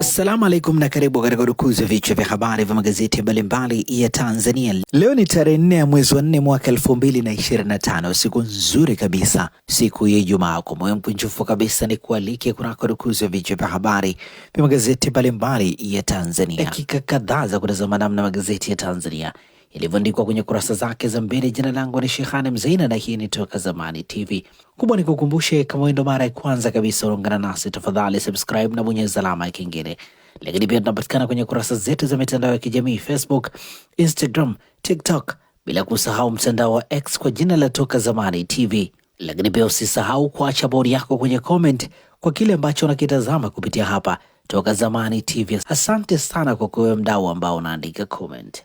Assalamu alaikum na karibu katika udukuzi wa vichwa vya habari vya magazeti mbalimbali ya Tanzania. Leo ni tarehe nne ya mwezi wa nne mwaka elfu mbili na ishirini na tano. Siku nzuri kabisa, siku ya Ijumaa. Kwa moyo mkunjufu kabisa ni kualike kunako udukuzi wa vichwa vya habari vya magazeti mbalimbali ya Tanzania, dakika kadhaa za kutazama namna magazeti ya Tanzania ilivyoandikwa kwenye kurasa zake za mbele. Jina langu ni Shehane Mzaina na hii ni Toka Zamani TV. Kubwa ni kukumbushe, kama wewe ndo mara ya kwanza kabisa unaungana nasi, tafadhali subscribe na bonyeza alama ya kengele. Lakini pia tunapatikana kwenye kurasa zetu za mitandao ya kijamii Facebook, Instagram, TikTok, bila kusahau mtandao wa X kwa jina la Toka Zamani TV. Lakini pia usisahau kuacha bodi yako kwenye comment kwa kile ambacho unakitazama kupitia hapa Toka Zamani TV. Asante sana kwa kuwe mdau ambao unaandika comment.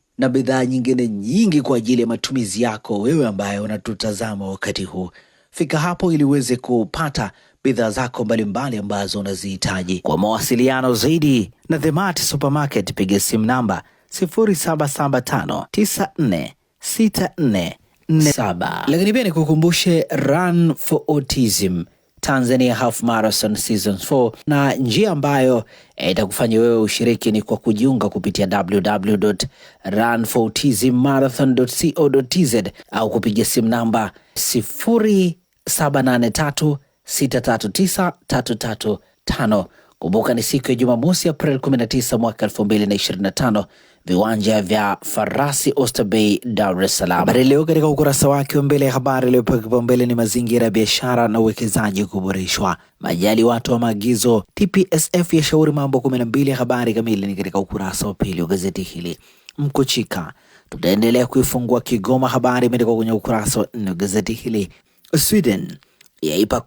na bidhaa nyingine nyingi kwa ajili ya matumizi yako wewe ambaye unatutazama wakati huu. Fika hapo ili uweze kupata bidhaa zako mbalimbali ambazo unazihitaji. Kwa mawasiliano zaidi na The Mart Supermarket, piga simu namba 0775946447. Lakini pia nikukumbushe Run for Autism Tanzania Half Marathon Season 4 na njia ambayo eh, itakufanya wewe ushiriki ni kwa kujiunga kupitia www.run4tzmarathon.co.tz au kupiga simu namba 0783639335. Kumbuka ni siku ya Jumamosi, April 19 mwaka 2025 viwanja vya farasi Oysterbay, Dar es Salaam. Habari Leo katika ukurasa wake wa mbele ya habari iliyopewa kipaumbele ni mazingira ya biashara na uwekezaji kuboreshwa, majali watu wa maagizo, TPSF ya shauri mambo kumi na mbili. Habari kamili ni katika ukurasa wa pili wa gazeti hili. Mkuchika, tutaendelea kuifungua Kigoma. Habari imeandikwa kwenye ukurasa wa nne wa gazeti hili. Sweden yaipa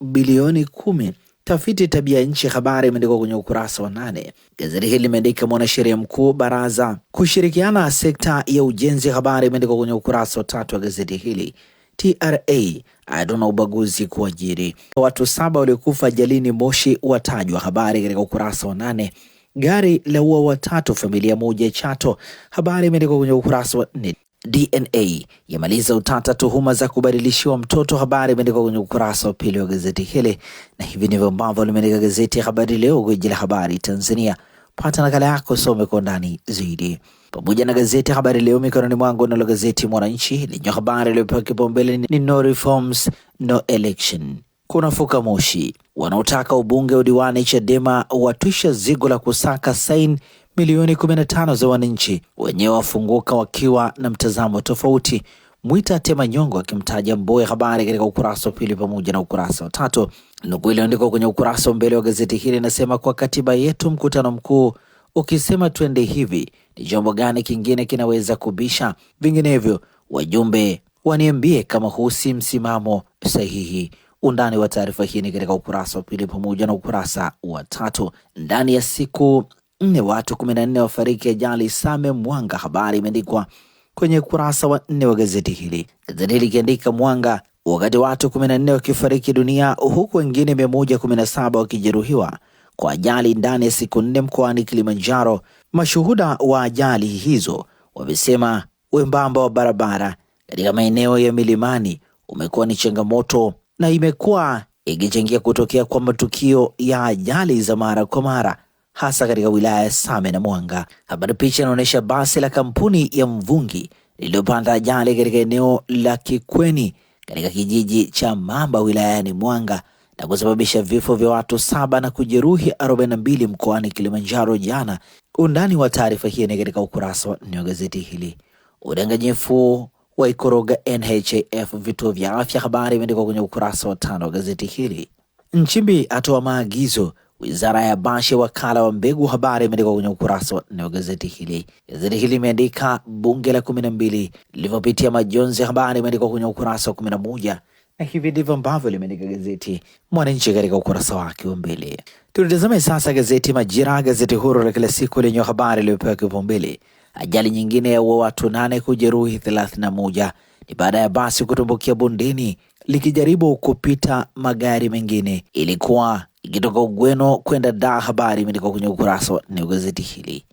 bilioni kumi Tafiti tabia nchi, habari imeandikwa kwenye ukurasa wa nane. Gazeti hili limeandika mwanasheria mkuu baraza kushirikiana sekta ya ujenzi, habari imeandikwa kwenye ukurasa wa tatu wa gazeti hili. TRA adona ubaguzi kuajiri, watu saba waliokufa ajalini Moshi watajwa, habari katika ukurasa wa nane. Gari la ua watatu familia moja Chato, habari imeandikwa kwenye ukurasa wa nne. DNA yamaliza utata tuhuma za kubadilishiwa mtoto. Habari imeandikwa kwenye ukurasa wa pili wa gazeti hili, na hivi ndivyo ambavyo limeandika gazeti ya Habari Leo, gwiji la habari Tanzania. Pata nakala yako, some kwa ndani zaidi, pamoja na gazeti ya Habari Leo mikononi mwangu. Nalo gazeti Mwananchi lenye habari iliyopewa kipaumbele ni no reforms no election. fuka moshi, wanaotaka ubunge udiwani Chadema watwisha zigo la kusaka saini milioni 15 za wananchi wenyewe wafunguka wakiwa na mtazamo tofauti. Mwita Nyongo akimtaja Mbowe. Habari katika ukurasa wa pili pamoja na ukurasa wa tatu. Nukuu iliyoandikwa kwenye ukurasa wa mbele wa gazeti hili inasema, kwa katiba yetu mkutano mkuu ukisema twende hivi, ni jambo gani kingine kinaweza kubisha? Vinginevyo wajumbe waniambie kama huu si msimamo sahihi. Undani wa taarifa hii ni katika ukurasa wa pili pamoja na ukurasa wa tatu. Ndani ya siku nne watu kumi na nne wafariki ajali Same Mwanga. Habari imeandikwa kwenye kurasa wa nne wa gazeti hili, gazeti likiandika Mwanga wakati watu kumi na nne wakifariki dunia huku wengine mia moja kumi na saba wakijeruhiwa kwa ajali ndani ya siku nne mkoani Kilimanjaro. Mashuhuda wa ajali hizo wamesema wembamba wa barabara katika maeneo ya milimani umekuwa ni changamoto na imekuwa ikichangia kutokea kwa matukio ya ajali za mara kwa mara hasa katika wilaya ya Same na Mwanga. Habari picha inaonyesha basi la kampuni ya Mvungi lililopata ajali katika eneo la Kikweni katika kijiji cha Mamba wilayani Mwanga na kusababisha vifo vya watu saba na kujeruhi 42 mkoani Kilimanjaro jana. Undani wa taarifa hii ni katika ukurasa wa nne wa gazeti hili. Udanganyifu wa ikoroga NHIF vituo vya afya, habari imeandikwa kwenye ukurasa wa tano wa gazeti hili. Nchimbi atoa maagizo Wizara ya Bashe, wakala wa mbegu, habari imeandikwa kwenye ukurasa wa nne wa gazeti hili. Gazeti hili imeandika bunge la kumi na mbili lilivyopitia majonzi, habari imeandikwa kwenye ukurasa wa kumi na moja na hivi ndivyo ambavyo limeandika gazeti Mwananchi katika ukurasa wake wa mbele. Tunatazame sasa gazeti Majira, gazeti huru la kila siku lenye habari iliyopewa kipaumbele. Ajali nyingine yaua watu nane, kujeruhi thelathini na moja ni baada ya basi kutumbukia bondeni likijaribu kupita magari mengine. Ilikuwa Ikitoka Ugweno kwenda Da, habari imeandikwa kwenye ukurasa wa nne wa gazeti hili.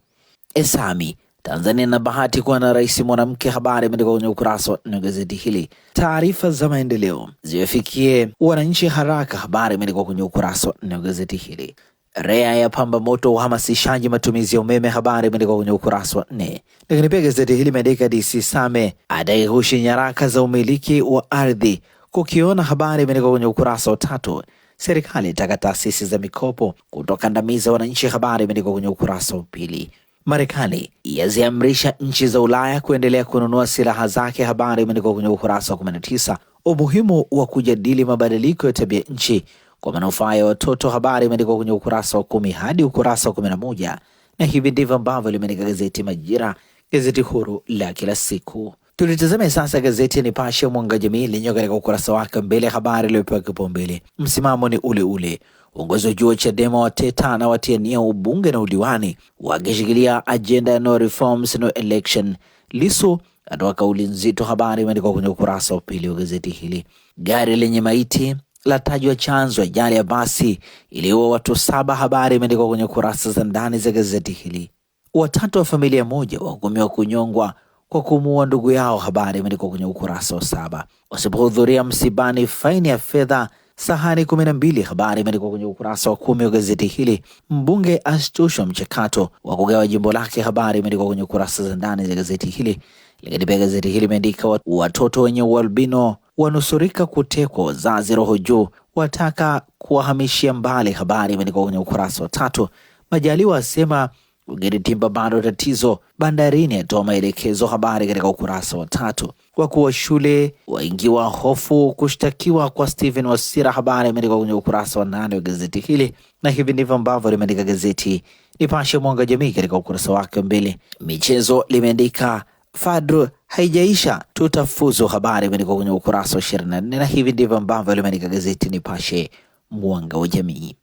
Esami Tanzania na bahati kuwa na rais mwanamke, habari imeandikwa kwenye ukurasa wa nne wa gazeti hili. Taarifa za maendeleo ziwafikie wananchi haraka, habari imeandikwa kwenye ukurasa wa nne wa gazeti hili. REA ya pamba moto uhamasishaji matumizi ya umeme, habari imeandikwa kwenye ukurasa wa nne. Lakini pia gazeti hili imeandika DC Same adai ghushi nyaraka za umiliki wa ardhi kukiona, habari imeandikwa kwenye ukurasa wa tatu serikali itaka taasisi za mikopo kutokandamiza wananchi. Habari imeandikwa kwenye ukurasa wa pili. Marekani yaziamrisha nchi za Ulaya kuendelea kununua silaha zake. Habari imeandikwa kwenye ukurasa wa 19. Umuhimu wa kujadili mabadiliko ya tabia nchi kwa manufaa ya watoto. Habari imeandikwa kwenye ukurasa wa kumi hadi ukurasa wa kumi na moja na hivi ndivyo ambavyo limeandika gazeti Majira, gazeti huru la kila siku. Tulitazame sasa gazeti ya Nipashe Mwanga Jamii lenyewe katika ukurasa wake mbele ya habari iliyopewa kipaumbele, msimamo ni ule ule. Uongozi wa juu wa Chadema wateta na watiania ubunge na udiwani wakishikilia ajenda ya no reforms no election. Lisu atoa kauli nzito, habari imeandikwa kwenye ukurasa wa pili wa gazeti hili. Gari lenye maiti latajwa chanzo ajali ya basi iliyoua watu saba, habari imeandikwa kwenye kurasa za ndani za gazeti hili. Watatu wa familia moja wahukumiwa kunyongwa kwa kumuua ndugu yao. Habari imeandikwa kwenye ukurasa wa saba. Wasipohudhuria msibani, faini ya fedha sahani kumi na mbili. Habari imeandikwa kwenye ukurasa wa kumi wa gazeti hili. Mbunge ashtushwa mchakato wa kugawa jimbo lake. Habari imeandikwa kwenye ukurasa za ndani za gazeti hili. Lakini pia gazeti hili imeandika watoto wenye ualbino wanusurika kutekwa, wazazi roho juu, wataka kuwahamishia mbali. Habari imeandikwa kwenye ukurasa wa tatu. Majaliwa asema Ugiri Timba bado tatizo bandarini, yatoa maelekezo. Habari katika ukurasa wa tatu. Wakuu wa shule waingiwa hofu kushtakiwa kwa Steven Wasira, habari imeandikwa kwenye ukurasa wa nane wa gazeti hili, na hivi ndivyo ambavyo limeandika gazeti Nipashe Mwanga Jamii katika ukurasa wake mbili. mbele. Michezo limeandika Fadru haijaisha tutafuzu, habari imeandikwa kwenye ukurasa wa ishirini na nne na hivi ndivyo ambavyo limeandika gazeti Nipashe Mwanga wa Jamii.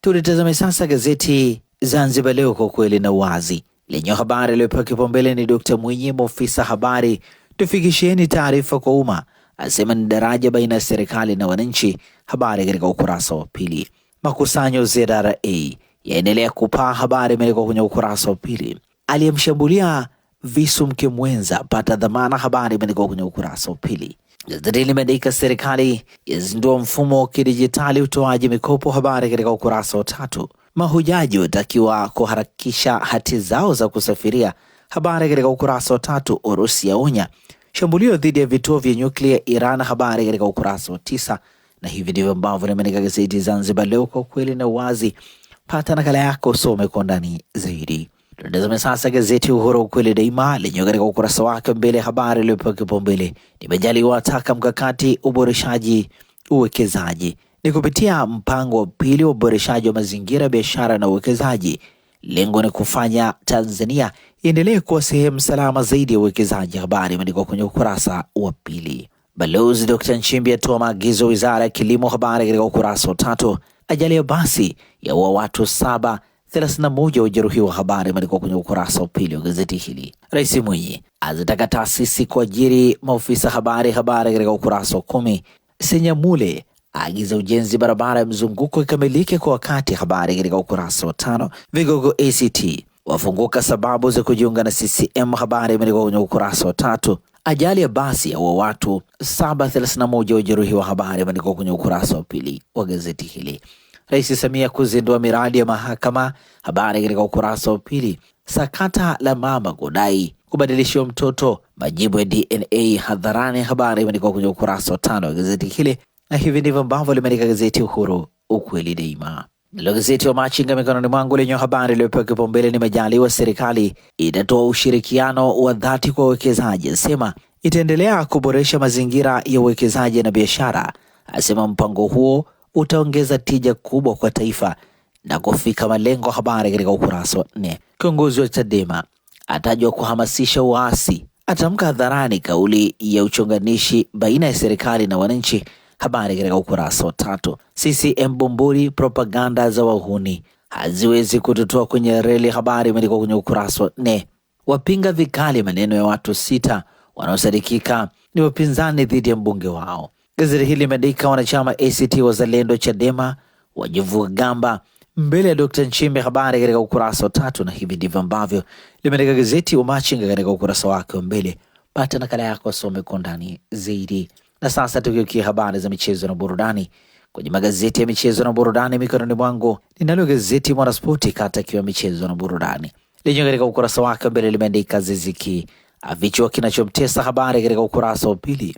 Tulitazame sasa gazeti Zanzibar Leo kwa kweli na uwazi lenye habari aliyopewa kipaumbele ni Dkt Mwinyi, maofisa habari, tufikishieni taarifa kwa umma, asema ni daraja baina ya serikali na wananchi. Habari katika ukurasa wa pili. Makusanyo ZRA yaendelea kupaa, habari imeelekwa kwenye ukurasa wa pili. Aliyemshambulia visu mke mwenza pata dhamana, habari imeelekwa kwenye ukurasa wa pili. Gazeti limeandika serikali yazindua mfumo wa kidijitali utoaji mikopo, habari katika ukurasa wa tatu mahujaji watakiwa kuharakisha hati zao za kusafiria. Habari katika ukurasa wa tatu. Urusi yaonya shambulio dhidi ya vituo vya nyuklia Iran. Habari katika ukurasa wa tisa. Na hivi ndivyo ambavyo nimeandika gazeti Zanzibar Leo kwa ukweli na uwazi. Pata nakala yako, usome kwa ndani zaidi. Tutazame sasa gazeti Uhuru ukweli daima, lenyewe katika ukurasa wake mbele ya habari iliyopewa kipaumbele ni Majaliwa wataka mkakati uboreshaji uwekezaji ni kupitia mpango wa pili wa uboreshaji wa mazingira, biashara na uwekezaji. Lengo ni kufanya Tanzania iendelee kuwa sehemu salama zaidi ya uwekezaji. Habari imeandikwa kwenye ukurasa wa pili. Balozi Dr. Nchimbi atoa maagizo Wizara ya Kilimo, habari katika ukurasa wa tatu. Ajali ya basi yaua watu saba, 31 wajeruhiwa, habari imeandikwa kwenye ukurasa wa pili wa gazeti hili. Rais Mwinyi azitaka taasisi kuajiri maofisa habari, habari katika ukurasa wa kumi. Senyamule aagiza ujenzi barabara ya mzunguko ikamilike kwa wakati. Habari katika ukurasa wa tano. Vigogo ACT wafunguka sababu za kujiunga na CCM. Habari imeandikwa kwenye ukurasa wa tatu. Ajali ya basi yaua watu 731 wajeruhiwa. Habari imeandikwa kwenye ukurasa wa pili wa gazeti hili. Rais Samia kuzindua miradi ya mahakama. Habari katika ukurasa wa pili. Sakata la mama kudai kubadilishiwa mtoto majibu ya DNA hadharani. Habari imeandikwa kwenye ukurasa wa tano wa gazeti hili na hivi ndivyo ambavyo limeandika gazeti Uhuru, ukweli daima. Nalo gazeti wa Machinga mikononi mwangu lenye habari iliyopewa kipaumbele ni Majaliwa, serikali itatoa ushirikiano wa dhati kwa wawekezaji, asema itaendelea kuboresha mazingira ya uwekezaji na biashara, asema mpango huo utaongeza tija kubwa kwa taifa na kufika malengo. Habari katika ukurasa wa nne. Kiongozi wa Chadema atajwa kuhamasisha uasi, atamka hadharani kauli ya uchonganishi baina ya serikali na wananchi Habari katika ukurasa wa tatu. CCM Bumbuli, propaganda za wahuni haziwezi kututoa kwenye reli. Habari imeandikwa kwenye ukurasa wa nne. Wapinga vikali maneno ya watu sita wanaosadikika ni wapinzani dhidi ya mbunge wao. Gazeti hili limeandika wanachama ACT Wazalendo Chadema wajivua gamba mbele ya Dr Nchimbe. Habari katika ukurasa wa tatu, na hivi ndivyo ambavyo limeandika gazeti Umachinga katika ukurasa wake wa mbele. Pata nakala yako, wasome kwa ndani zaidi. Na sasa tukiukia habari za michezo na burudani kwenye magazeti ya michezo na burudani mikononi mwangu, ninalo gazeti Mwanaspoti kata kiwa michezo na burudani lenyewe, katika ukurasa wake mbele limeandika ziziki avichwa kinachomtesa, habari katika ukurasa wa pili.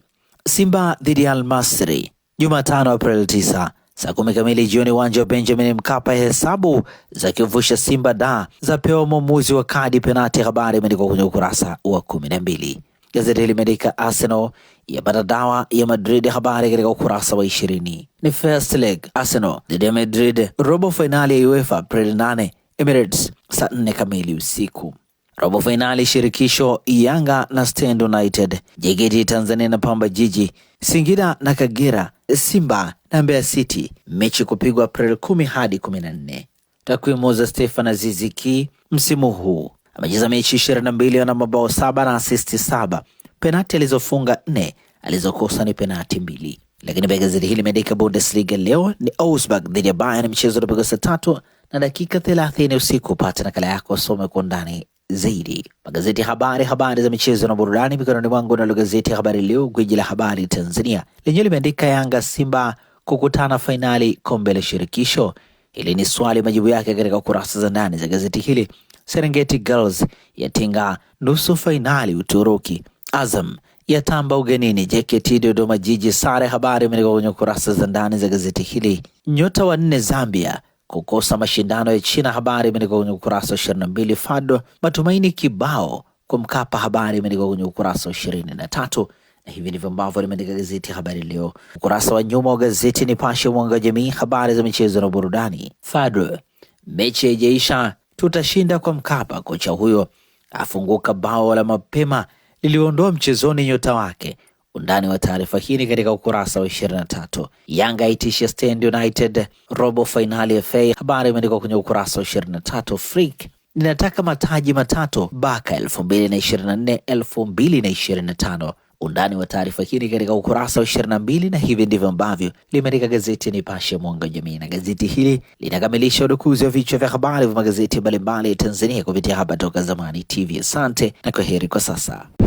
Simba dhidi ya Almasri Jumatano Aprili 9 saa kumi kamili jioni, uwanja wa Benjamin Mkapa. Hesabu za kivusha Simba da za pewa mwamuzi wa kadi penati, habari imeandikwa kwenye ukurasa wa kumi na mbili. Gazeti limeandika Arsenal ya badadawa ya Madrid, habari katika ukurasa wa ishirini. Ni first leg Arsenal dhidi ya Madrid, robo fainali ya UEFA Aprili 8 Emirates, saa nne kamili usiku. Robo fainali shirikisho Yanga na Stand United, JKT Tanzania na Pamba Jiji, Singida na Kagera, Simba na Mbeya City, mechi kupigwa Aprili kumi hadi nne Takwimu za Stefan Aziziki msimu huu amecheza mechi ishirini na mbili ana mabao saba na asisti saba. Penati alizofunga nne, alizokosa ni penati mbili. Lakini pia gazeti hili limeandika Bundesliga leo ni Augsburg dhidi ya Bayern, mchezo unapigwa saa tatu na dakika thelathini usiku. Upate nakala yako, some kwa undani zaidi magazeti ya habari, habari za michezo na burudani mikononi mwangu. Nalo gazeti ya Habari Leo, gwiji la habari Tanzania, lenyewe limeandika Yanga Simba kukutana fainali kombe la shirikisho. Hili ni swali majibu yake katika kurasa za ndani za gazeti hili, Serengeti Girls yatinga nusu fainali Uturuki. Azam yatamba ugenini JKT Dodoma Jiji, sare. Habari imeandikwa kwenye kurasa za ndani za gazeti hili. Nyota wa nne Zambia kukosa mashindano ya China, habari imeandikwa kwenye ukurasa wa ishirini Fado matumaini kibao kwa Mkapa, habari imeandikwa kwenye ukurasa wa ishirini na tatu na hivi ndivyo ambavyo limeandika gazeti Habari Leo. Ukurasa wa nyuma wa gazeti Nipashe, mwanga wa jamii, habari za michezo na burudani. Fadlu, mechi haijaisha, tutashinda kwa Mkapa. Kocha huyo afunguka bao la mapema liliondoa mchezoni nyota wake. Undani wa taarifa hii ni katika ukurasa wa tatu. Yanga itishia Stand United robo fainali FA. Habari imeandikwa kwenye ukurasa wa 23. Frik ninataka mataji matatu baka na tano Undani wa taarifa hii ni katika ukurasa wa 22, na hivi ndivyo ambavyo limeandika gazeti ya Nipashe Mwanga Jamii, na gazeti hili linakamilisha udukuzi wa vichwa vya habari vya magazeti mbalimbali ya Tanzania kupitia hapa Toka Zamani TV. Asante na kwaheri kwa sasa.